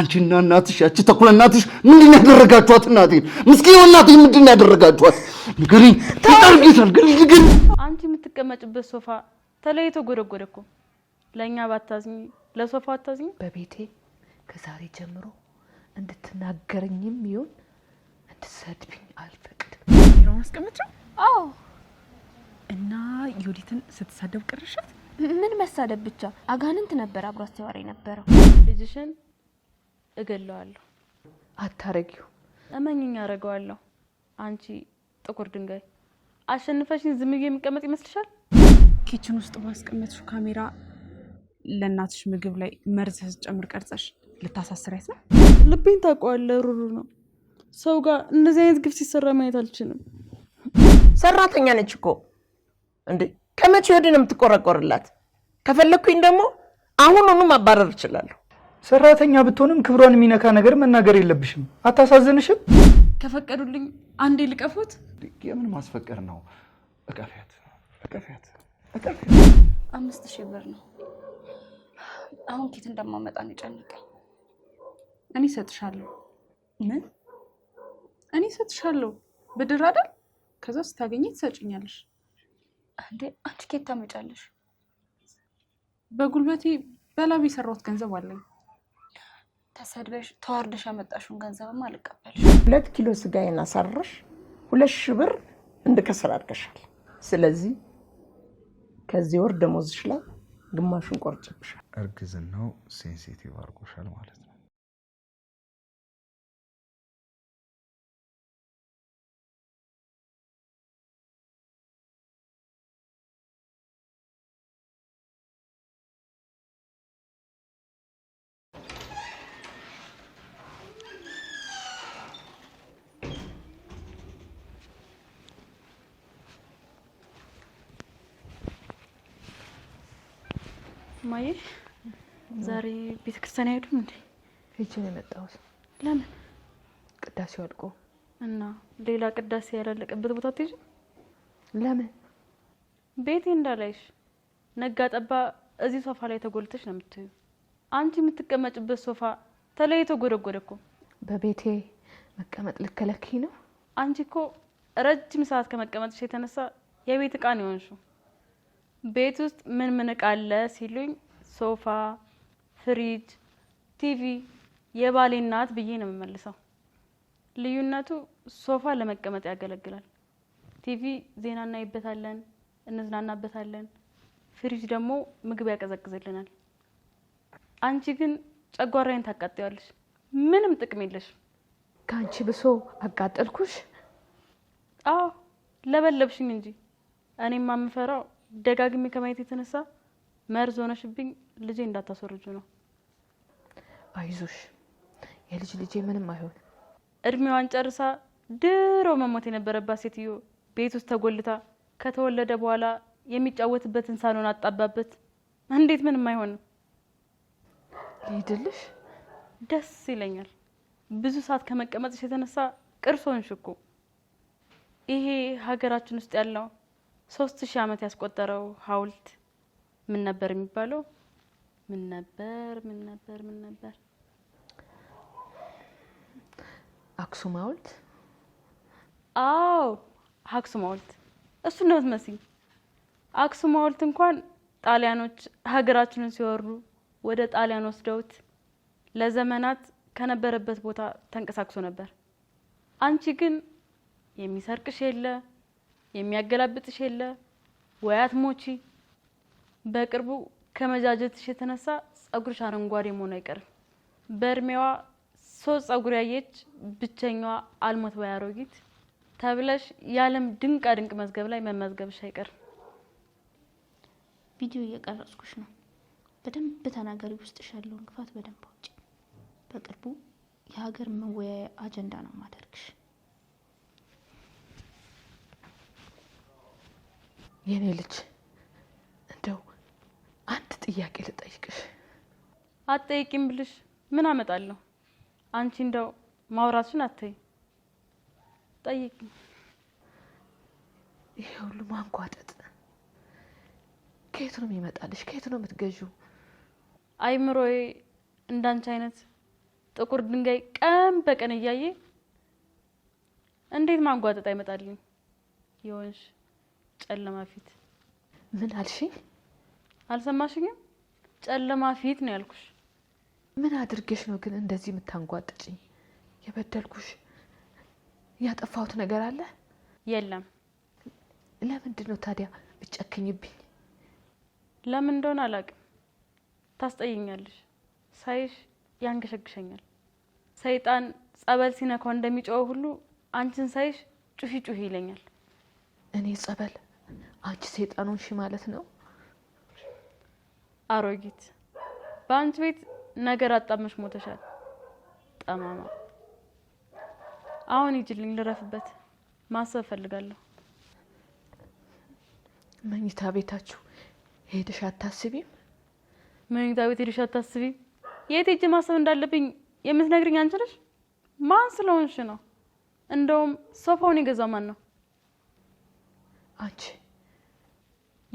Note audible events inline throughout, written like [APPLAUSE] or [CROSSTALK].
አንቺና እናትሽ ያቺ ተኩላ እናትሽ ምንድን ያደረጋችኋት? እናቴን ምስኪን እናቴን ምንድን ያደረጋችኋት? ንገሪኝ። ታርጊታል ግን ግን አንቺ የምትቀመጭበት ሶፋ ተለይቶ ጎደጎደ እኮ። ለእኛ ባታዝኝ ለሶፋ አታዝኝ። በቤቴ ከዛሬ ጀምሮ እንድትናገረኝም ይሁን እንድትሰድብኝ አልፈቅድም። ነው አስቀምጪው። አዎ። እና ዮዲትን ስትሳደብ ቅርሻት ምን መሳደብ ብቻ አጋንንት ነበር አብሯት ሲያወራ ነበረው ልጅሽን እገለዋለሁ። አታረጊው። እመኝኝ፣ አረገዋለሁ። አንቺ ጥቁር ድንጋይ አሸንፈሽኝ ዝም ብዬ የሚቀመጥ ይመስልሻል? ኪችን ውስጥ ባስቀመጥሽ ካሜራ ለእናትሽ ምግብ ላይ መርዝ ስጨምር ቀርጸሽ ልታሳስሪያት ነው። ልቤን ታውቀዋለህ፣ ሩሩ ነው። ሰው ጋር እንደዚህ አይነት ግፍ ሲሰራ ማየት አልችልም። ሰራተኛ ነች እኮ እንዴ! ከመቼ ወዲህ ነው የምትቆረቆርላት? ከፈለግኩኝ ደግሞ አሁኑኑ ማባረር እችላለሁ። ሰራተኛ ብትሆንም ክብሯን የሚነካ ነገር መናገር የለብሽም። አታሳዝንሽም? ከፈቀዱልኝ አንዴ ልቀፉት። የምን ማስፈቀድ ነው? እቀፊያት፣ እቀፊያት፣ እቀፊያት። አምስት ሺህ ብር ነው። አሁን ኬት እንደማመጣ ነው እኔ እሰጥሻለሁ። ምን? እኔ እሰጥሻለሁ። ብድር አይደል? ከዛ ስታገኘ ትሰጭኛለሽ። እንዴ አንድ ኬት ታመጫለሽ? በጉልበቴ በላብ የሰራሁት ገንዘብ አለኝ። ተሰድበሽ ተዋርደሽ ያመጣሽውን ገንዘብም አልቀበልሽ። ሁለት ኪሎ ስጋዬን አሳረሽ ሁለት ሺህ ብር እንድከስር አድርገሻል። ስለዚህ ከዚህ ወር ደሞዝሽ ላይ ግማሹን ቆርጭብሻል። እርግዝናው ሴንሲቲቭ አድርጎሻል ማለት ነው። ማየ ዛሬ ቤተክርስቲያን አይሄዱም እንዴ? ሄጄ ነው የመጣሁት። ለምን? ቅዳሴው አልቆ እና ሌላ ቅዳሴ ያላለቀበት ቦታ አትሄጂም? ለምን? ቤቴ እንዳላይሽ ነጋ ጠባ እዚህ ሶፋ ላይ ተጎልተሽ ነው የምትዩ። አንቺ የምትቀመጭበት ሶፋ ተለይቶ ጎደጎደ እኮ። በቤቴ መቀመጥ ልከለኪ ነው። አንቺ እኮ ረጅም ሰዓት ከመቀመጥሽ የተነሳ የቤት እቃ ነው የሆንሽው። ቤት ውስጥ ምን ምን እቃ አለ ሲሉኝ ሶፋ፣ ፍሪጅ፣ ቲቪ የባሌ እናት ብዬ ነው የምመልሰው። ልዩነቱ ሶፋ ለመቀመጥ ያገለግላል። ቲቪ ዜና እናይበታለን፣ እንዝናናበታለን። ፍሪጅ ደግሞ ምግብ ያቀዘቅዝልናል። አንቺ ግን ጨጓራዬን ታቃጥያለሽ፣ ምንም ጥቅም የለሽ። ከአንቺ ብሶ አቃጠልኩሽ? አዎ ለበለብሽኝ እንጂ እኔም የማምፈራው ደጋግሜ ከማየት የተነሳ መርዝ ሆነሽብኝ ልጄ እንዳታስወርጁ ነው። አይዞሽ የልጅ ልጄ ምንም አይሆን። እድሜዋን ጨርሳ ድሮ መሞት የነበረባት ሴትዮ ቤት ውስጥ ተጎልታ ከተወለደ በኋላ የሚጫወትበትን ሳሎን አጣባበት። እንዴት ምንም አይሆንም። ልሂድልሽ። ደስ ይለኛል። ብዙ ሰዓት ከመቀመጥሽ የተነሳ ቅርሶን ሽኮ ይሄ ሀገራችን ውስጥ ያለው ሶስት ሺህ ዓመት ያስቆጠረው ሀውልት ምን ነበር የሚባለው? ምን ነበር? ምን ነበር? ምን ነበር? አክሱም ሀውልት። አዎ አክሱም ሀውልት እሱ ነው የምትመስኝ። አክሱም ሀውልት እንኳን ጣሊያኖች ሀገራችንን ሲወሩ ወደ ጣሊያን ወስደውት ለዘመናት ከነበረበት ቦታ ተንቀሳቅሶ ነበር። አንቺ ግን የሚሰርቅሽ የለ የሚያገላብጥሽ የለ ወይ አትሞቺ። በቅርቡ ከመጃጀትሽ የተነሳ ጸጉርሽ አረንጓዴ መሆኑ አይቀርም። በእድሜዋ ሶስት ጸጉር ያየች ብቸኛዋ አልሞት ባይ አሮጊት ተብለሽ የዓለም ድንቃ ድንቅ መዝገብ ላይ መመዝገብሽ አይቀርም። ቪዲዮ እየቀረጽኩሽ ነው። በደንብ ተናገሪ። ውስጥሽ ያለውን ክፋት በደንብ አውጪ። በቅርቡ የሀገር መወያያ አጀንዳ ነው ማደርግሽ። የኔ ልጅ እንደው አንድ ጥያቄ ልጠይቅሽ። አትጠይቂም ብልሽ ምን አመጣለሁ? አንቺ እንደው ማውራትሽን አትይ ጠይቂ። ይሄ ሁሉ ማንጓጠጥ ከየት ነው የሚመጣልሽ? ከየት ነው የምትገዢው? አይምሮዬ እንዳንቺ አይነት ጥቁር ድንጋይ ቀን በቀን እያየ እንዴት ማንጓጠጥ አይመጣልኝ ይሆንሽ ጨለማ ፊት ምን አልሽኝ? አልሰማሽኝም? ጨለማ ፊት ነው ያልኩሽ። ምን አድርገሽ ነው ግን እንደዚህ የምታንጓጥጭኝ? የበደልኩሽ ያጠፋሁት ነገር አለ? የለም። ለምንድን ነው ታዲያ ብጨክኝብኝ? ለምን እንደሆነ አላውቅም። ታስጠይኛለሽ። ሳይሽ ያንገሸግሸኛል። ሰይጣን ጸበል ሲነካው እንደሚጮኸው ሁሉ አንቺን ሳይሽ ጩሂ ጩሂ ይለኛል። እኔ ጸበል አንቺ ሰይጣኑን ሺ ማለት ነው። አሮጊት በአንቺ ቤት ነገር አጣመሽ ሞተሻል። ጠማማ አሁን ይጅልኝ ልረፍበት። ማሰብ እፈልጋለሁ። መኝታ ቤታችሁ ሄደሽ አታስቢም? መኝታ ቤት ሄደሽ አታስቢም? የት ሄጄ ማሰብ እንዳለብኝ የምትነግርኝ አንቺ ነሽ። ማን ስለሆንሽ ነው? እንደውም ሶፋውን የገዛው ማን ነው? አንቺ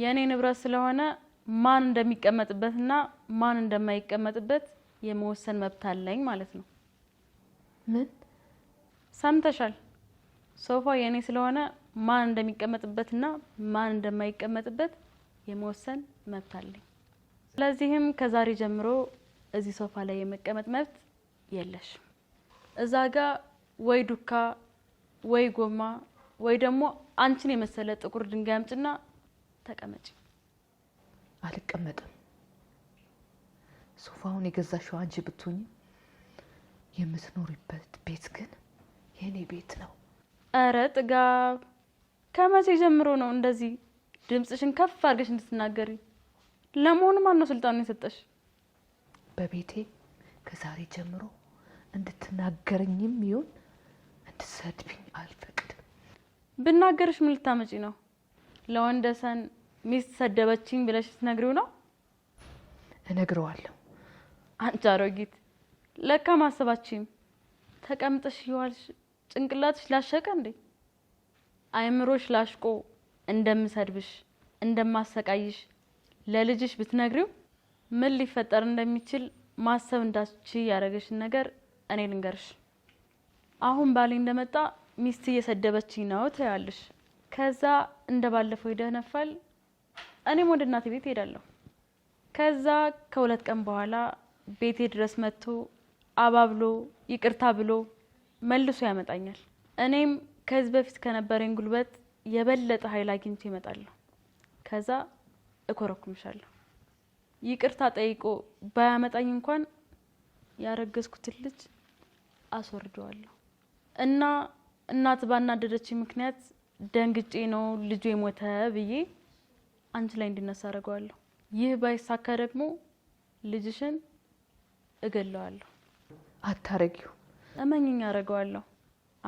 የእኔ ንብረት ስለሆነ ማን እንደሚቀመጥበትና ማን እንደማይቀመጥበት የመወሰን መብት አለኝ ማለት ነው። ምን ሰምተሻል? ሶፋ የእኔ ስለሆነ ማን እንደሚቀመጥበትና ማን እንደማይቀመጥበት የመወሰን መብት አለኝ። ስለዚህም ከዛሬ ጀምሮ እዚህ ሶፋ ላይ የመቀመጥ መብት የለሽ። እዛ ጋ ወይ ዱካ ወይ ጎማ ወይ ደግሞ አንቺን የመሰለ ጥቁር ድንጋይ አምጭና ተቀመጭ። አልቀመጥም። ሶፋውን የገዛሽው አንቺ ብትሆኝም የምትኖሪበት ቤት ግን የእኔ ቤት ነው። እረ ጥጋብ! ከመቼ ጀምሮ ነው እንደዚህ ድምፅሽን ከፍ አድርገሽ እንድትናገሪ? ለመሆኑ ማን ነው ስልጣኑን የሰጠሽ? በቤቴ ከዛሬ ጀምሮ እንድትናገረኝም ይሁን እንድትሰድብኝ አልፈቅድም። ብናገርሽ ምን ልታመጪ ነው? ለወንደሰን ሚስት ሰደበችኝ ብለሽ ትነግሪው ነው? እነግረዋለሁ። አንቺ አሮጊት ለካ ማሰባችም ተቀምጠሽ ይዋልሽ ጭንቅላትሽ ላሸቀ እንዴ? አይምሮሽ ላሽቆ እንደምሰድብሽ እንደማሰቃይሽ ለልጅሽ ብትነግሪው ምን ሊፈጠር እንደሚችል ማሰብ እንዳች ያደረገሽን ነገር እኔ ልንገርሽ። አሁን ባሌ እንደመጣ ሚስት እየሰደበችኝ ነው ትያለሽ። ከዛ እንደ ባለፈው ይደነፋል። እኔም ወደ እናቴ ቤት ሄዳለሁ። ከዛ ከሁለት ቀን በኋላ ቤቴ ድረስ መጥቶ አባብሎ ይቅርታ ብሎ መልሶ ያመጣኛል። እኔም ከዚህ በፊት ከነበረኝ ጉልበት የበለጠ ኃይል አግኝቶ ይመጣለሁ ከዛ እኮረኩምሻለሁ። ይቅርታ ጠይቆ ባያመጣኝ እንኳን ያረገዝኩትን ልጅ አስወርደዋለሁ። እና እናት ባናደደችኝ ምክንያት ደንግጬ ነው ልጁ የሞተ ብዬ አንቺ ላይ እንዲነሳ አደርገዋለሁ። ይህ ባይሳካ ደግሞ ልጅሽን እገለዋለሁ። አታረጊው። እመኝኝ፣ አደርገዋለሁ።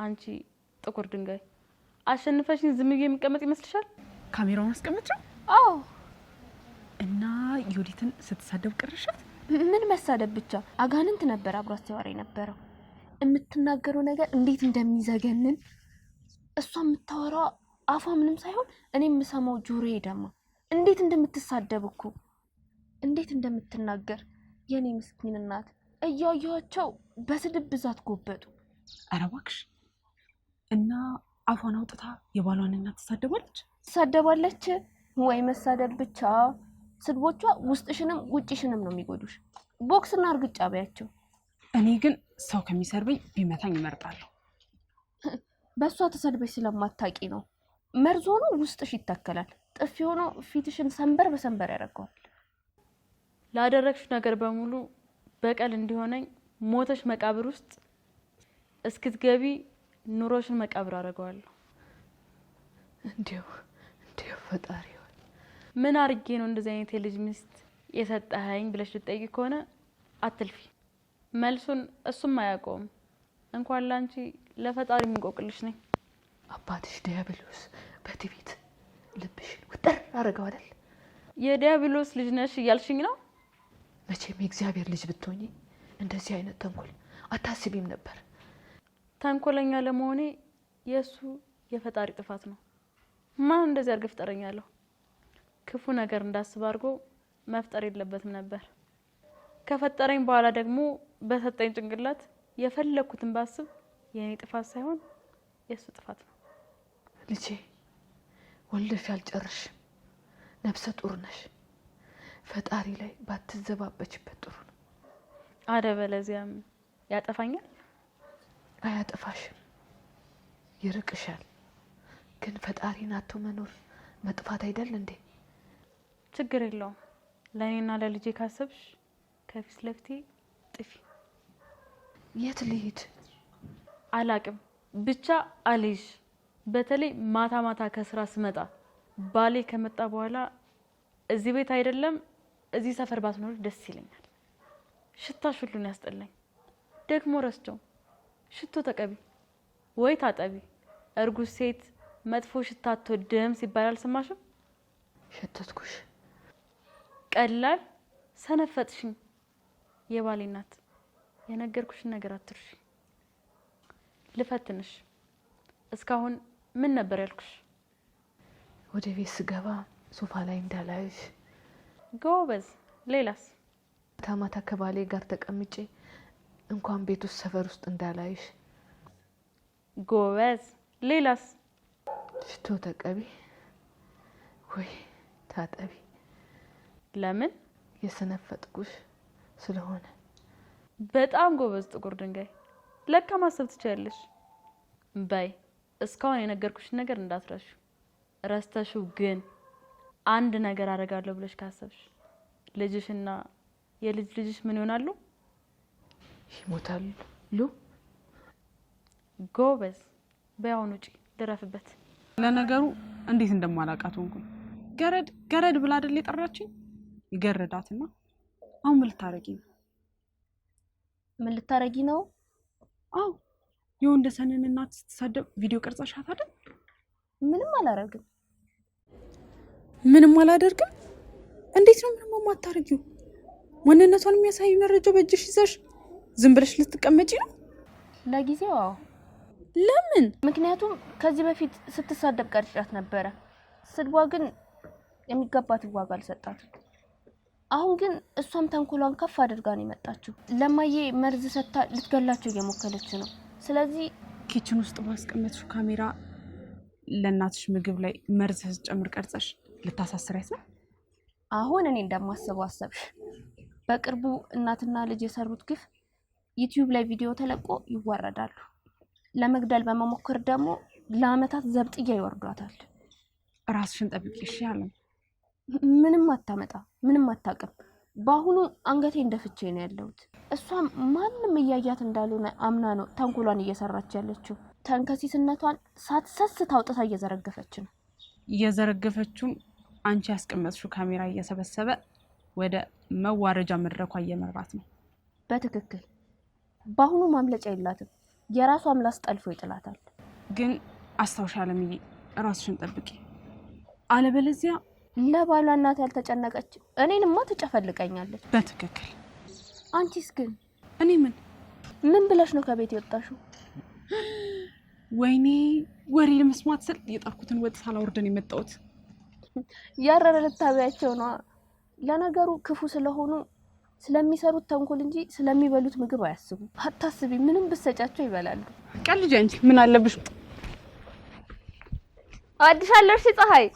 አንቺ ጥቁር ድንጋይ አሸንፈሽኝ ዝም ብዬ የሚቀመጥ ይመስልሻል? ካሜራውን አስቀምጪው። አዎ። እና ዮዲትን ስትሳደብ ቅርሻት ምን መሳደብ ብቻ አጋንንት ነበር አብሮ ሲያወራ የነበረው። የምትናገረው ነገር እንዴት እንደሚዘገንን እሷ የምታወራው አፏ ምንም ሳይሆን እኔ የምሰማው ጆሮዬ ደማ። እንዴት እንደምትሳደብ እኮ እንዴት እንደምትናገር የኔ ምስኪን እናት እያየኋቸው በስድብ ብዛት ጎበጡ። ኧረ እባክሽ እና አፏን አውጥታ የባሏን እናት ትሳደባለች ትሳደባለች። ወይ መሳደብ ብቻ ስድቦቿ ውስጥሽንም ውጭሽንም ነው የሚጎዱሽ። ቦክስና እርግጫ በያቸው። እኔ ግን ሰው ከሚሰርበኝ ቢመታኝ እመርጣለሁ። በእሷ ተሰድበሽ ስለማታቂ ነው መርዞኑ ውስጥሽ ይታከላል። ጥፊ ሆኖ ፊትሽን ሰንበር በሰንበር ያደርገዋል። ላደረግሽ ነገር በሙሉ በቀል እንዲሆነኝ ሞተሽ መቃብር ውስጥ እስክትገቢ ኑሮሽን መቃብር አደርገዋለሁ። እንዲሁ እንዲሁ ፈጣሪ ምን አርጌ ነው እንደዚህ አይነት የልጅ ሚስት የሰጠኸኝ ብለሽ ልጠይቅ ከሆነ አትልፊ። መልሱን እሱም አያውቀውም። እንኳን ላንቺ ለፈጣሪ የሚቆቅልሽ ነኝ። አባትሽ ዲያብሎስ በትቢት ልብሽን ውጥር አድርገው አይደል? የዲያብሎስ ልጅ ነሽ እያልሽኝ ነው? መቼም የእግዚአብሔር ልጅ ብትሆኚ እንደዚህ አይነት ተንኮል አታስቢም ነበር። ተንኮለኛ ለመሆኔ የእሱ የፈጣሪ ጥፋት ነው። ማን እንደዚህ አድርገህ ፍጠረኛለሁ? ክፉ ነገር እንዳስብ አድርጎ መፍጠር የለበትም ነበር። ከፈጠረኝ በኋላ ደግሞ በሰጠኝ ጭንቅላት የፈለግኩትን ባስብ የእኔ ጥፋት ሳይሆን የእሱ ጥፋት ነው ልጄ። ወልደሽ አልጨርሽም፣ ነፍሰ ጡር ነሽ። ፈጣሪ ላይ ባትዘባበችበት ጥሩ ነው። አለበለዚያም ያጠፋኛል። አያጠፋሽም፣ ይርቅሻል። ግን ፈጣሪን አቶ መኖር መጥፋት አይደል እንዴ? ችግር የለውም። ለእኔና ለልጄ ካሰብሽ ከፊት ለፊቴ ጥፊ። የት ልሂድ አላቅም፣ ብቻ አልይሽ በተለይ ማታ ማታ ከስራ ስመጣ ባሌ ከመጣ በኋላ እዚህ ቤት አይደለም እዚህ ሰፈር ባትኖር ደስ ይለኛል። ሽታሽ ሁሉን ያስጠላኝ። ደግሞ ረስቸው ሽቶ ተቀቢ ወይ ታጠቢ፣ እርጉዝ ሴት መጥፎ ሽታ አትወድም ሲባል አልሰማሽም? ሸተትኩሽ፣ ቀላል ሰነፈጥሽኝ። የባሌ እናት የነገርኩሽን ነገር አትርሽ። ልፈትንሽ እስካሁን ምን ነበር ያልኩሽ? ወደ ቤት ስገባ ሶፋ ላይ እንዳላይሽ። ጎበዝ። ሌላስ? ማታ ማታ ከባሌ ጋር ተቀምጬ እንኳን ቤት ውስጥ ሰፈር ውስጥ እንዳላይሽ። ጎበዝ። ሌላስ? ሽቶ ተቀቢ ወይ ታጠቢ። ለምን? የሰነፈጥኩሽ ስለሆነ። በጣም ጎበዝ። ጥቁር ድንጋይ ለካ ማሰብ ትችላለሽ። ባይ እስካሁን የነገርኩሽን ነገር እንዳትረሹ። ረስተሽው ግን አንድ ነገር አደርጋለሁ ብለሽ ካሰብሽ ልጅሽና የልጅ ልጅሽ ምን ይሆናሉ? ይሞታሉ። ጎበዝ። በያውን ውጪ ልረፍበት። ለነገሩ እንዴት እንደማላውቃት ሆንኩኝ። ገረድ ገረድ ብላ አይደል የጠራችኝ? ይገረዳትና አሁን ምን ልታረጊ ነው? ምን ልታረጊ ነው? አዎ የወንደሰንን እናት ስትሳደብ ቪዲዮ ቀርጸሻት አይደል? ምንም አላደርግም። ምንም አላደርግም? እንዴት ነው ምንም የማታደርጊው? ማንነቷን የሚያሳይ መረጃ በእጅሽ ይዘሽ ዝም ብለሽ ልትቀመጪ ነው? ለጊዜው አዎ። ለምን? ምክንያቱም ከዚህ በፊት ስትሳደብ ቀርጫት ነበረ። ስድቧ ግን የሚገባት ዋጋ አልሰጣትም። አሁን ግን እሷም ተንኮሏን ከፍ አድርጋ ነው የመጣችው። ለማዬ መርዝ ሰጥታ ልትገላቸው እየሞከለች ነው። ስለዚህ ኪችን ውስጥ ባስቀመጥሽው ካሜራ ለእናትሽ ምግብ ላይ መርዝ ስጨምር ቀርጸሽ ልታሳስር ነው። አሁን እኔ እንደማስበው አሰብሽ። በቅርቡ እናትና ልጅ የሰሩት ግፍ ዩቲዩብ ላይ ቪዲዮ ተለቆ ይዋረዳሉ። ለመግደል በመሞከር ደግሞ ለአመታት ዘብጥያ ይወርዷታል። ራስሽን ጠብቂ እሺ። ምንም አታመጣ፣ ምንም አታውቅም። በአሁኑ አንገቴ እንደፍቼ ነው ያለሁት። እሷም ማንም እያያት እንዳልሆነ አምና ነው ተንኮሏን እየሰራች ያለችው። ተንከሲስነቷን ሳትሰስ ታውጥታ እየዘረገፈች ነው። እየዘረገፈችውም አንቺ ያስቀመጥሽው ካሜራ እየሰበሰበ ወደ መዋረጃ መድረኳ እየመራት ነው። በትክክል በአሁኑ ማምለጫ የላትም። የራሱ አምላስ ጠልፎ ይጥላታል። ግን አስታውሻ አለምዬ፣ ራስሽን ጠብቂ አለበለዚያ ለባሏ እናት ያልተጨነቀች እኔንማ ትጨፈልቀኛለች። በትክክል አንቺስ ግን እኔ ምን ምን ብለሽ ነው ከቤት የወጣሽው? ወይኔ ወሬ ለመስማት ስል የጣርኩትን ወጥ ሳላወርደን የመጣሁት ያረረ ልታቢያቸው ነዋ። ለነገሩ ክፉ ስለሆኑ ስለሚሰሩት ተንኮል እንጂ ስለሚበሉት ምግብ አያስቡም። አታስቢ፣ ምንም ብሰጫቸው ይበላሉ። ቀልጃ እንጂ ምን አለብሽ? አዲስ አለርሲ ፀሐይ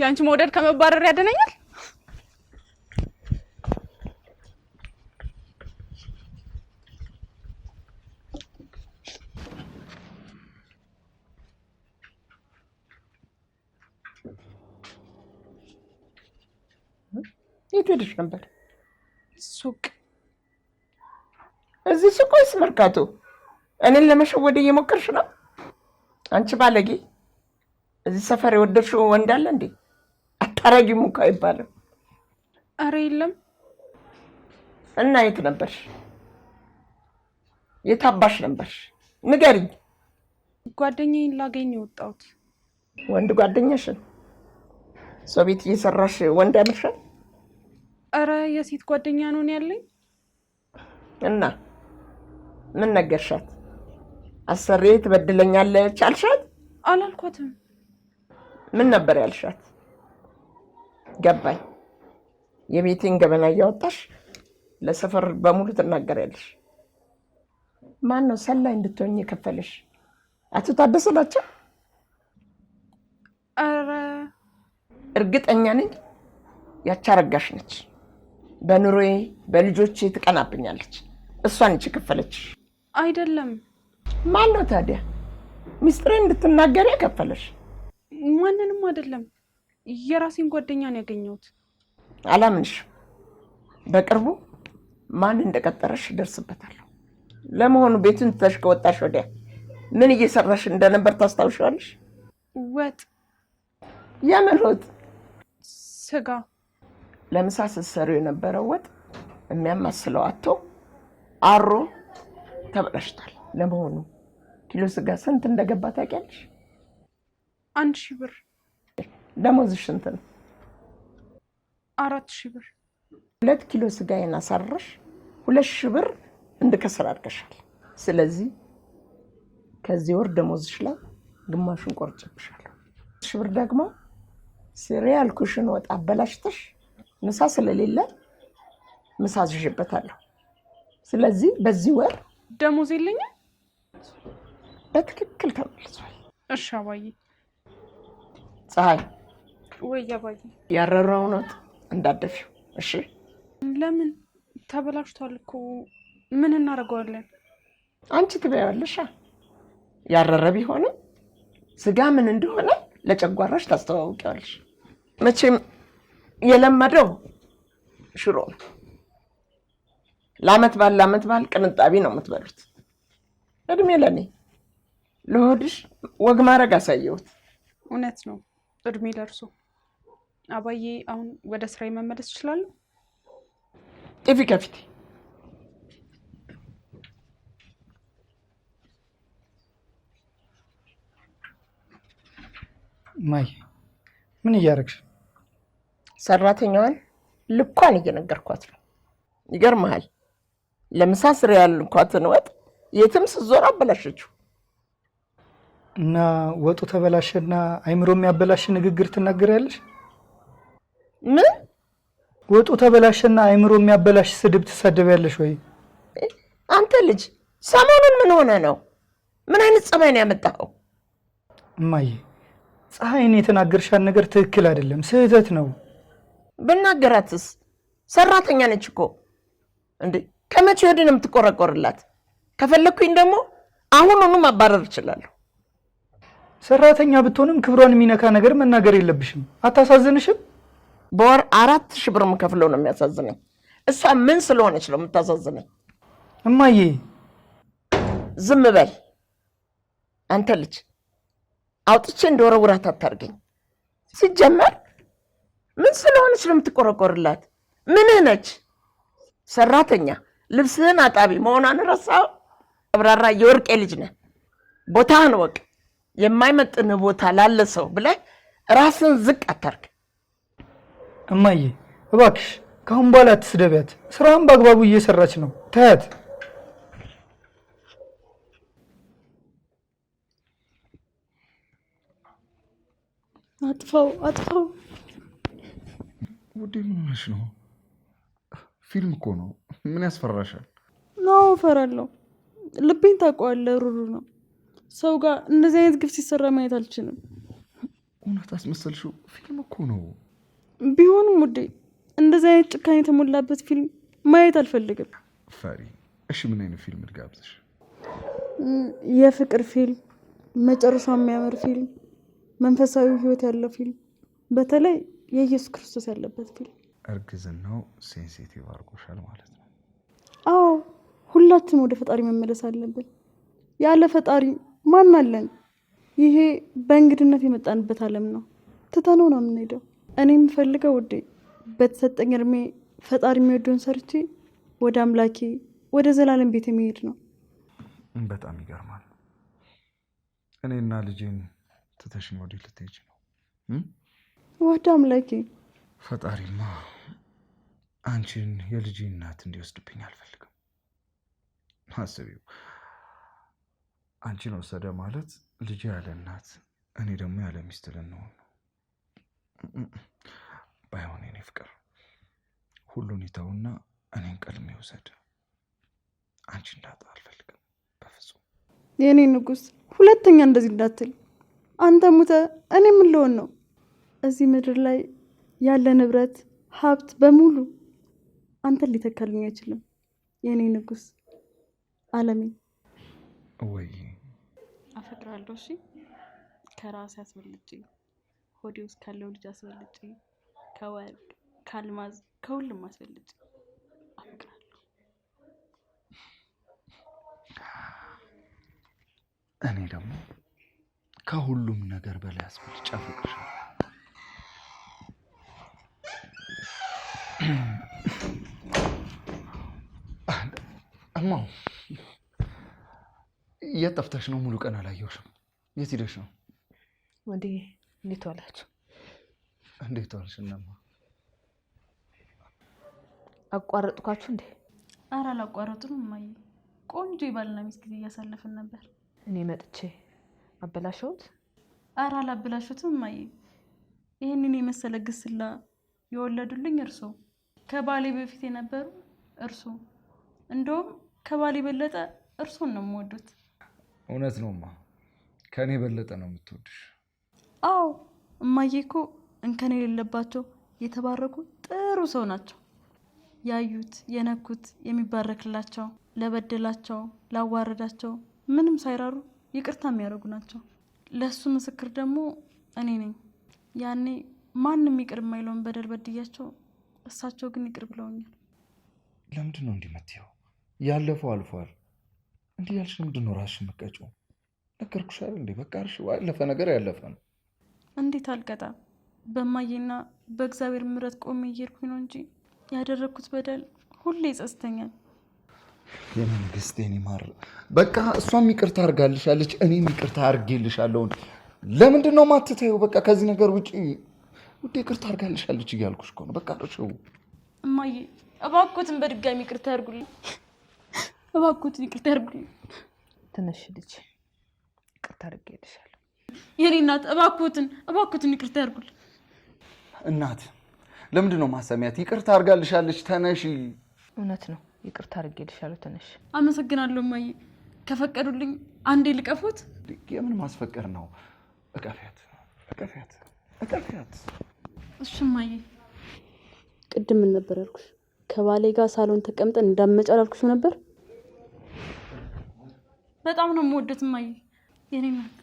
የአንቺ መውደድ ከመባረር ያደነኛል። የት ሄደሽ ነበር? ሱቅ። እዚህ ሱቅ ወይስ መርካቶ? እኔን ለመሸወድ እየሞከርሽ ነው አንቺ ባለጌ። እዚህ ሰፈር የወደድሽው ወንድ አለ እንዴ? ተረጅ ሙካ አይባልም። አረ የለም። እና የት ነበር? የታባሽ ነበር? ንገሪኝ። ጓደኛዬን ላገኝ የወጣሁት። ወንድ ጓደኛሽን? ሰው ቤት እየሰራሽ ወንድ ያምርሻል? አረ የሴት ጓደኛ ነው ያለኝ። እና ምን ነገርሻት? አሰሬ ትበድለኛለች አልሻት? አላልኳትም። ምን ነበር ያልሻት? ገባኝ። የቤቴን ገበና እያወጣሽ ለሰፈር በሙሉ ትናገሪያለሽ። ማን ነው ሰላይ እንድትሆኝ የከፈለሽ? አቶ ታደሰ ናቸው። ኧረ እርግጠኛ ነኝ ያቻረጋሽ ነች። በኑሮዬ በልጆቼ ትቀናብኛለች። እሷ ነች የከፈለች። አይደለም። ማን ነው ታዲያ? ሚስጥሬ እንድትናገሪ የከፈለሽ? ማንንም አይደለም። የራሴን ጓደኛ ነው ያገኘሁት። አላምንሽ። በቅርቡ ማን እንደቀጠረሽ ደርስበታለሁ። ለመሆኑ ቤቱን ትተሽ ከወጣሽ ወዲያ ምን እየሰራሽ እንደነበር ታስታውሻለሽ? ወጥ፣ የምን ወጥ? ስጋ። ለምሳ ስትሰሩ የነበረው ወጥ የሚያማስለው አቶ አሮ ተበላሽቷል። ለመሆኑ ኪሎ ስጋ ስንት እንደገባ ታውቂያለሽ? አንድ ሺህ ብር ደሞዝሽ ስንት ነው? አራት ሺህ ብር። ሁለት ኪሎ ስጋዬን አሳረሽ ሁለት ሺህ ብር እንድከስር አድርገሻል። ስለዚህ ከዚህ ወር ደሞዝሽ ላይ ግማሹን ቆርጭብሻለሁ። ሺህ ብር ደግሞ ሲሪያል ኩሽን ወጥ አበላሽተሽ ምሳ ስለሌለ ምሳ አዝዤበታለሁ። ስለዚህ በዚህ ወር ደሞዝ የለኝም። በትክክል ተመልሷል። እሺ አባዬ ፀሐይ ወይ አባዬ እንዳደፊው። እሺ ለምን ተበላሽቷል እኮ ምን እናደርገዋለን? አንቺ ትበያለሽ። ያረረ ቢሆንም ስጋ ምን እንደሆነ ለጨጓራሽ ታስተዋውቂዋለሽ። መቼም የለመደው ሽሮ ነው። ለአመት ባል ለአመት ባል ቅንጣቢ ነው የምትበሉት። እድሜ ለኔ ለሆድሽ ወግ ማድረግ አሳየሁት። እውነት ነው እድሜ ለእርሶ። አባዬ አሁን ወደ ስራ መመለስ ይችላሉ? ጤፊ ከፊት ማይ ምን እያደረግሽ? ሰራተኛዋን ልኳን እየነገርኳት ነው። ይገርመሃል፣ ለምሳ ስራ ያልኳትን ወጥ የትም ስትዞር አበላሸችው እና ወጡ ተበላሸና አይምሮ የሚያበላሽ ንግግር ትናገሪያለሽ። ምን ወጡ ተበላሸና አይምሮ የሚያበላሽ ስድብ ትሳደቢያለሽ ወይ? አንተ ልጅ ሰሞኑን ምን ሆነ ነው? ምን አይነት ጸባይ ነው ያመጣኸው? እማዬ ፀሐይን የተናገርሻን ነገር ትክክል አይደለም፣ ስህተት ነው። ብናገራትስ? ሰራተኛ ነች እኮ እንዴ! ከመቼ ወዲህ ነው የምትቆረቆርላት? ከፈለግኩኝ ደግሞ አሁኑኑ ማባረር እችላለሁ። ሰራተኛ ብትሆንም ክብሯን የሚነካ ነገር መናገር የለብሽም። አታሳዝንሽም? በወር አራት ሺህ ብር የምከፍለው ነው የሚያሳዝነኝ። እሷ ምን ስለሆነች ነው የምታሳዝነኝ? እማዬ ዝም በል አንተ ልጅ፣ አውጥቼ እንደወረውራት አታርገኝ። ሲጀመር ምን ስለሆነች ነው የምትቆረቆርላት? ምንህ ነች? ሰራተኛ፣ ልብስህን አጣቢ መሆኗን ረሳኸው? አብራራ፣ የወርቄ ልጅ ነህ። ቦታህን ወቅ። የማይመጥን ቦታ ላለ ሰው ብለህ ራስን ዝቅ አታርግ። እማዬ እባክሽ ከአሁን በኋላ አትስደቢያት። ስራዋን በአግባቡ እየሰራች ነው። ታያት። አጥፋው አጥፋው። ውዴ ምን ሆነሽ ነው? ፊልም እኮ ነው። ምን ያስፈራሻል? ናው እፈራለሁ። ልቤን ታውቀዋለህ። ሩሩ ነው ሰው ጋር እንደዚህ አይነት ግፍ ሲሰራ ማየት አልችልም። እውነት አስመሰልሽው። ፊልም እኮ ነው ቢሆንም ውዴ እንደዚህ አይነት ጭካኔ የተሞላበት ፊልም ማየት አልፈልግም። ፈሪ፣ እሺ ምን አይነት ፊልም ልጋብዝሽ? የፍቅር ፊልም፣ መጨረሻ የሚያምር ፊልም፣ መንፈሳዊ ህይወት ያለው ፊልም፣ በተለይ የኢየሱስ ክርስቶስ ያለበት ፊልም። እርግዝናው ሴንሲቲቭ አድርጎሻል ማለት ነው። አዎ፣ ሁላችንም ወደ ፈጣሪ መመለስ አለብን። ያለ ፈጣሪ ማን አለን? ይሄ በእንግድነት የመጣንበት ዓለም ነው። ትተነው ነው የምንሄደው። እኔ የምፈልገው ውዴ በተሰጠኝ እድሜ ፈጣሪ የሚወደውን ሰርቼ ወደ አምላኬ ወደ ዘላለም ቤት የሚሄድ ነው። በጣም ይገርማል። እኔና ልጄን ትተሽኝ ወዴት ልትሄጂ ነው? ወደ አምላኬ። ፈጣሪማ አንቺን የልጄ እናት እንዲወስድብኝ አልፈልግም። አስቢው፣ አንቺን ወሰደ ማለት ልጄ ያለ እናት፣ እኔ ደግሞ ያለ ሚስት ልንሆን ነው። ባይሆን የኔ ፍቅር ሁሉን ይተውና እኔን ቀድሜ ይውሰድ። አንቺ እንዳጣ አልፈልግም በፍጹም። የእኔ ንጉስ፣ ሁለተኛ እንደዚህ እንዳትል። አንተ ሙተ እኔ ምን ልሆን ነው? እዚህ ምድር ላይ ያለ ንብረት ሀብት በሙሉ አንተን ሊተካልኝ አይችልም የእኔ ንጉስ አለሜ ወይ አፈቅራለሁ። እሺ ከራሴ አስበልጬ ሆዴ ውስጥ ካለው ልጅ አስበልጬ ከወርቅ ከአልማዝ ከሁሉም አስበልጬ እኔ ደግሞ ከሁሉም ነገር በላይ አስበልጬ አፈቅርሻለሁ። እማው የት ጠፍተሽ ነው? ሙሉ ቀን አላየሁሽም። የት ሄደሽ ነው ወዴ እንዴት ዋላችሁ? እንዴት ዋልሽ? እናማ አቋረጥኳችሁ እንዴ? አረ አላቋረጥም እማዬ፣ ቆንጆ የባልና ሚስት ጊዜ እያሳለፍን ነበር። እኔ መጥቼ አበላሸሁት? አረ አላበላሹትም እማዬ። ይህንን የመሰለ ግስላ የወለዱልኝ እርሶ ከባሌ በፊት የነበሩ እርሶ፣ እንደውም ከባሌ በለጠ እርሶን ነው የምወዱት። እውነት ነውማ፣ ከእኔ በለጠ ነው የምትወድሽ አዎ እማዬ እኮ እንከን የሌለባቸው የተባረኩ ጥሩ ሰው ናቸው። ያዩት የነኩት የሚባረክላቸው፣ ለበደላቸው፣ ላዋረዳቸው ምንም ሳይራሩ ይቅርታ የሚያደርጉ ናቸው። ለእሱ ምስክር ደግሞ እኔ ነኝ። ያኔ ማንም ይቅር የማይለውን በደል በድያቸው፣ እሳቸው ግን ይቅር ብለውኛል። ለምንድን ነው እንዲህ ያለፈው አልፏል። እንዲህ ያልሽ ምንድን ነው ራስሽ የምትቀጪው? ነገርኩሽ አይደል? እንዴ በቃ ነገር ያለፈ ነው። እንዴት አልቀጣም? በማየና በእግዚአብሔር ምሕረት ቆሜ እየሄድኩኝ ነው እንጂ ያደረግኩት በደል ሁሌ ይጸጽተኛል። የመንግስቴን ይማር። በቃ እሷም ይቅርታ አድርጋልሻለች፣ እኔም ይቅርታ አድርጌልሻለሁ። ለምንድን ነው ማትተዩ? በቃ ከዚህ ነገር ውጭ ውዴ፣ ይቅርታ አድርጋልሻለች እያልኩሽ እኮ ነው። በቃ ርሽው እማዬ፣ እባክዎትን በድጋሚ ይቅርታ ያርጉልኝ፣ እባክዎትን ይቅርታ ያርጉልኝ። ትንሽ ልጅ ይቅርታ አድርጌልሻለሁ። የኔ እናት እባክዎትን እባክዎትን ይቅርታ ያርጉል። እናት ለምንድን ነው ማሰሚያት? ይቅርታ አርጋልሻለች። ተነሽ። እውነት ነው ይቅርታ አርጌልሻለሁ። ተነሽ። አመሰግናለሁ እማዬ። ከፈቀዱልኝ አንዴ ልቀፉት። የምን ማስፈቀድ ነው? እቀፊያት፣ እቀፊያት፣ እቀፊያት። እሺ እማዬ። ቅድም ምን ነበር ያልኩሽ? ከባሌ ጋር ሳሎን ተቀምጠን እንዳመጫል አልኩሽ ነበር። በጣም ነው የምወደት እማዬ፣ የኔ እናት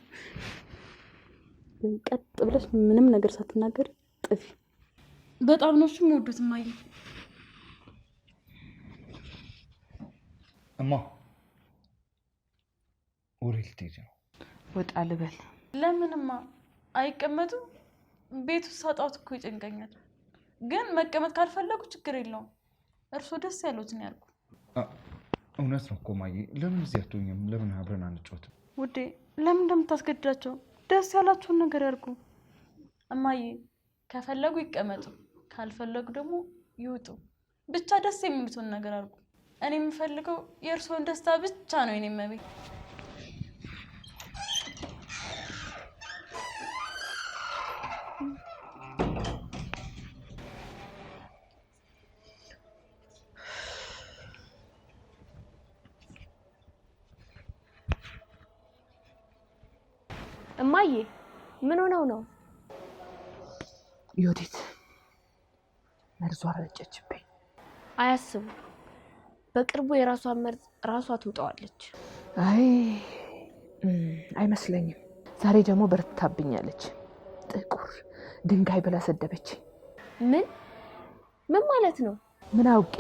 ቀጥ ብለሽ ምንም ነገር ሳትናገር ጥፊ። በጣም ነው እሱም ወዱት። እማዬ እማ ወሬ ልትሄጂ ነው? ወጣ ልበል። ለምንማ አይቀመጡ ቤቱ ውስጥ እኮ ይጨንቀኛል። ግን መቀመጥ ካልፈለጉ ችግር የለውም። እርስዎ ደስ ነው ያልኩ። እውነት ነው እኮ እማዬ። ለምን እዚህ አትሆኝም? ለምን አብረን አንጫወትም? ውዴ፣ ለምን እንደምታስገድዳቸው ደስ ያላችሁን ነገር ያርጉ። እማዬ ከፈለጉ ይቀመጡ፣ ካልፈለጉ ደግሞ ይውጡ። ብቻ ደስ የሚሉትን ነገር አርጉ። እኔ የምፈልገው የእርስዎን ደስታ ብቻ ነው። እኔ መቤት እማዬ ምን ሆነው ነው? ዮዲት መርዟ ረጨችብኝ። አያስቡ፣ በቅርቡ የራሷን መርዝ ራሷ ትውጠዋለች። አይ አይመስለኝም። ዛሬ ደግሞ በርታብኛለች። ጥቁር ድንጋይ ብላ ሰደበች። ምን ምን ማለት ነው? ምን አውቄ።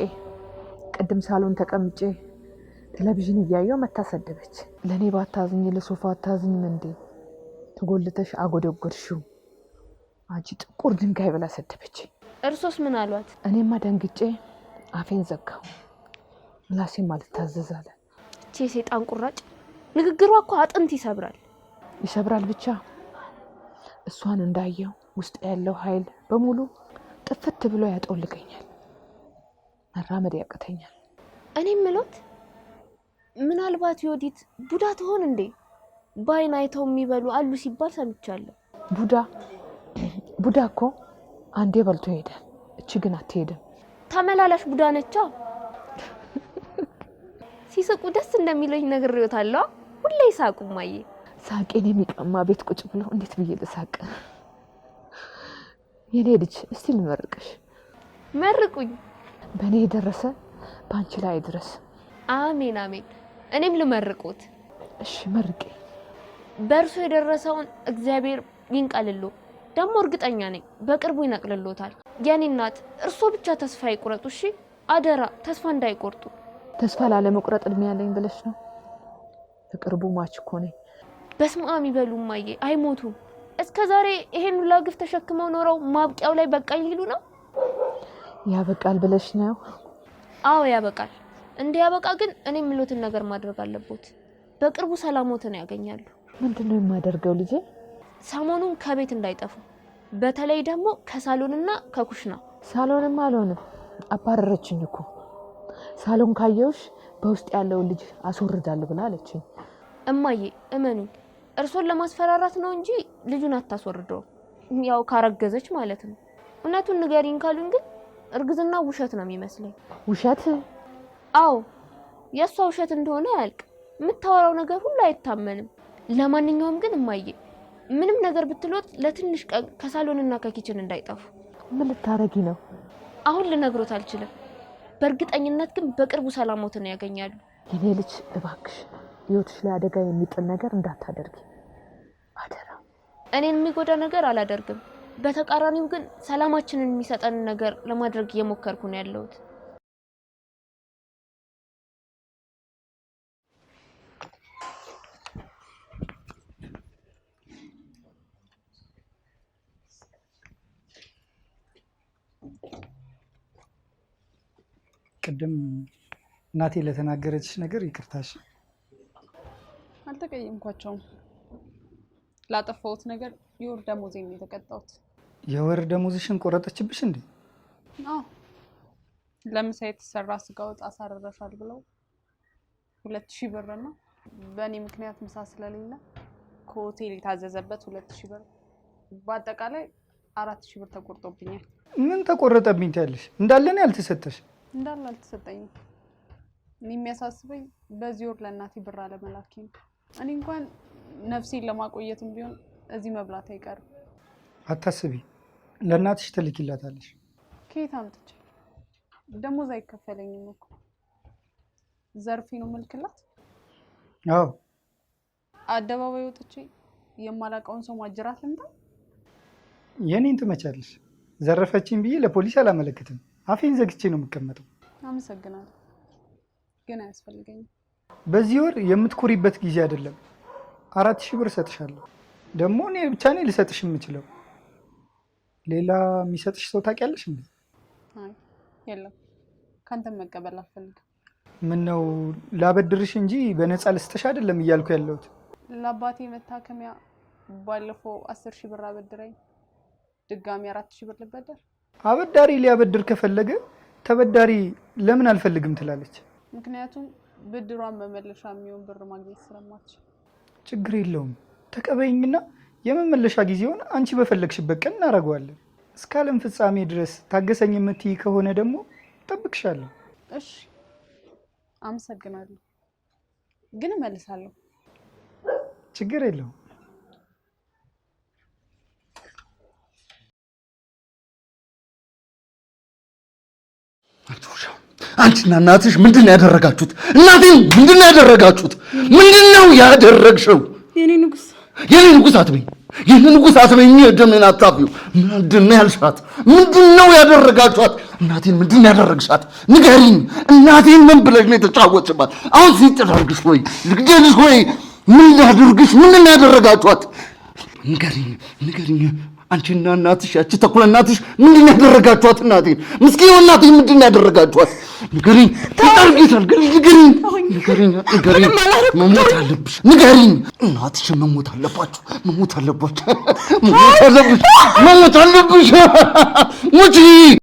ቅድም ሳሎን ተቀምጬ ቴሌቪዥን እያየው መታ ሰደበች። ለእኔ ባታዝኝ ለሶፋ አታዝኝም እንዴ? ጎልተሽ አጎደጎድሽው። አንቺ ጥቁር ድንጋይ ብላ ሰደበች። እርሶስ ምን አሏት? እኔማ ደንግጬ አፌን ዘጋው። ማለት ታዘዛለ። ቼ ሴጣን ቁራጭ ንግግሯ እኮ አጥንት ይሰብራል። ይሰብራል ብቻ እሷን እንዳየው ውስጥ ያለው ኃይል በሙሉ ጥፍት ብሎ ያጠውልገኛል፣ መራመድ ያቅተኛል። እኔም ምሎት ምናልባት ዮዲት ቡዳ ትሆን እንዴ? በአይን አይተው የሚበሉ አሉ ሲባል ሰምቻለሁ። ቡዳ ቡዳ እኮ አንዴ በልቶ ይሄዳል። እቺ ግን አትሄድም። ተመላላሽ ቡዳ ነቻ። ሲስቁ ደስ እንደሚለኝ ነግሬዎታለሁ። ሁሌ ይሳቁ ማየ። ሳቄን የሚቀማ ቤት ቁጭ ብለው እንዴት ብዬ ልሳቅ? የኔ ልጅ እስቲ ልመርቅሽ። መርቁኝ። በእኔ የደረሰ በአንቺ ላይ ድረስ። አሜን አሜን። እኔም ልመርቁት። እሺ መርቄ በእርሱ የደረሰውን እግዚአብሔር ይንቀልሎ ደግሞ እርግጠኛ ነኝ በቅርቡ ይነቅልሎታል። የኔ እናት እርሶ ብቻ ተስፋ ይቁረጡ። እሺ አደራ ተስፋ እንዳይቆርጡ። ተስፋ ላለመቁረጥ እድሜ ያለኝ ብለሽ ነው? በቅርቡ ማች እኮ ነኝ። በስመ አብ ይበሉ እማዬ፣ አይሞቱም። እስከ ዛሬ ይሄን ሁላ ግፍ ተሸክመው ኖረው ማብቂያው ላይ በቃኝ ይሉ ነው። ያበቃል ብለሽ ነው? አዎ ያበቃል። እንዲያበቃ ያበቃ ግን እኔ የምሎትን ነገር ማድረግ አለቦት። በቅርቡ ሰላሞትን ያገኛሉ። ምንድን ነው የማደርገው ልጄ? ሰሞኑን ከቤት እንዳይጠፉ፣ በተለይ ደግሞ ከሳሎንና ከኩሽና። ሳሎንም አልሆንም፣ አባረረችኝ እኮ ሳሎን ካየውሽ በውስጥ ያለውን ልጅ አስወርዳለሁ ብላ አለችኝ። እማዬ እመኑኝ፣ እርሶን ለማስፈራራት ነው እንጂ ልጁን አታስወርደውም። ያው ካረገዘች ማለት ነው። እውነቱን ንገሪኝ ካሉኝ ግን እርግዝና ውሸት ነው የሚመስለኝ። ውሸት? አዎ የእሷ ውሸት እንደሆነ ያልቅ። የምታወራው ነገር ሁሉ አይታመንም። ለማንኛውም ግን እማዬ ምንም ነገር ብትሎት ለትንሽ ቀን ከሳሎንና ከኪችን እንዳይጠፉ። ምን ልታረጊ ነው? አሁን ልነግሮት አልችልም። በእርግጠኝነት ግን በቅርቡ ሰላሞትን ያገኛሉ። የኔ ልጅ እባክሽ ህይወትሽ ላይ አደጋ የሚጥል ነገር እንዳታደርጊ አደራ። እኔን የሚጎዳ ነገር አላደርግም። በተቃራኒው ግን ሰላማችንን የሚሰጠን ነገር ለማድረግ እየሞከርኩ ነው ያለሁት። ቅድም እናቴ ለተናገረች ነገር ይቅርታሽ። አልተቀየምኳቸውም። ላጠፋሁት ነገር የወር ደሞዜን ነው የተቀጣሁት። የወር ደሞዝሽን ቆረጠችብሽ እንዴ? ለምሳ የተሰራ ስጋ ወጥ አሳረረሻል ብለው ሁለት ሺህ ብር ነው። በእኔ ምክንያት ምሳ ስለሌለ ከሆቴል የታዘዘበት ሁለት ሺህ ብር በአጠቃላይ አራት ሺህ ብር ተቆርጦብኛል። ምን ተቆረጠብኝ ትያለሽ? እንዳለን ያልተሰጠሽ እንዳለ አልተሰጠኝም። እኔ የሚያሳስበኝ በዚህ ወር ለእናቴ ብር አለመላኬ ነው። እኔ እንኳን ነፍሴን ለማቆየትም ቢሆን እዚህ መብላት አይቀርም። አታስቢ፣ ለእናትሽ ትልኪላታለሽ። ከየት አምጥቼ? ደሞዝ አይከፈለኝም እኮ ዘርፌ ነው ምልክላት። አዎ፣ አደባባይ ወጥቼ የማላውቀውን ሰው ማጅራት ልምጣ። የኔን ትመቻለሽ። ዘረፈችኝ ብዬ ለፖሊስ አላመለክትም። አፌን ዘግቼ ነው የምቀመጠው። አመሰግናለሁ፣ ግን አያስፈልገኝም። በዚህ ወር የምትኮሪበት ጊዜ አይደለም። አራት ሺህ ብር እሰጥሻለሁ። ደግሞ እኔ ብቻ ኔ ልሰጥሽ የምችለው። ሌላ የሚሰጥሽ ሰው ታውቂያለሽ እንዴ? የለም፣ ከአንተም መቀበል አልፈልግም። ምን ነው ላበድርሽ እንጂ በነፃ ልስጥሽ አይደለም እያልኩ ያለሁት። ለአባቴ መታከሚያ ባለፈው አስር ሺህ ብር አበድረኝ፣ ድጋሚ አራት ሺህ ብር ልበደር አበዳሪ ሊያበድር ከፈለገ ተበዳሪ ለምን አልፈልግም ትላለች። ምክንያቱም ብድሯን መመለሻ የሚሆን ብር ማግኘት ስለማትችል። ችግር የለውም ተቀበይኝና የመመለሻ ጊዜውን አንቺ በፈለግሽበት ቀን እናደርገዋለን። እስከ ዓለም ፍጻሜ ድረስ ታገሰኝ የምትይ ከሆነ ደግሞ ጠብቅሻለሁ። እሺ፣ አመሰግናለሁ። ግን እመልሳለሁ። ችግር የለውም። አንቺና እናትሽ ምንድን ነው ያደረጋችሁት? እናቴን ምንድን ነው ያደረጋችሁት? ምንድን ነው ያደረግሽው? የኔ ንጉስ፣ የኔ ንጉስ አትበኝ፣ የኔ ንጉስ አትበኝ። ደሜን አታፍዩ። ምንድን ነው ያልሻት? ምንድን ነው ያደረጋችኋት? እናቴን ምንድን ነው ያደረግሻት? ንገሪኝ። እናቴን ምን ብለሽ ነው የተጫወትሽባት? አሁን ሲጠራርግሽ ወይ ልግደልሽ ወይ ምን ላድርግሽ? ምንድን ነው ያደረጋችኋት? ንገሪኝ፣ ንገሪኝ አንቺና እናትሽ ያቺ ተኩላ እናትሽ ምንድን ያደረጋችኋት? እናቴ ምስኪን እናትሽ ምንድን ያደረጋችኋት? ንገሪኝ፣ ይጠርግታል። ንገሪኝ፣ ንገሪኝ፣ ንገሪኝ። መሞት አለብሽ፣ ንገሪኝ። እናትሽ መሞት አለባችሁ፣ መሞት አለባችሁ፣ መሞት አለብሽ፣ መሞት አለብሽ። [LAUGHS] ሙቺ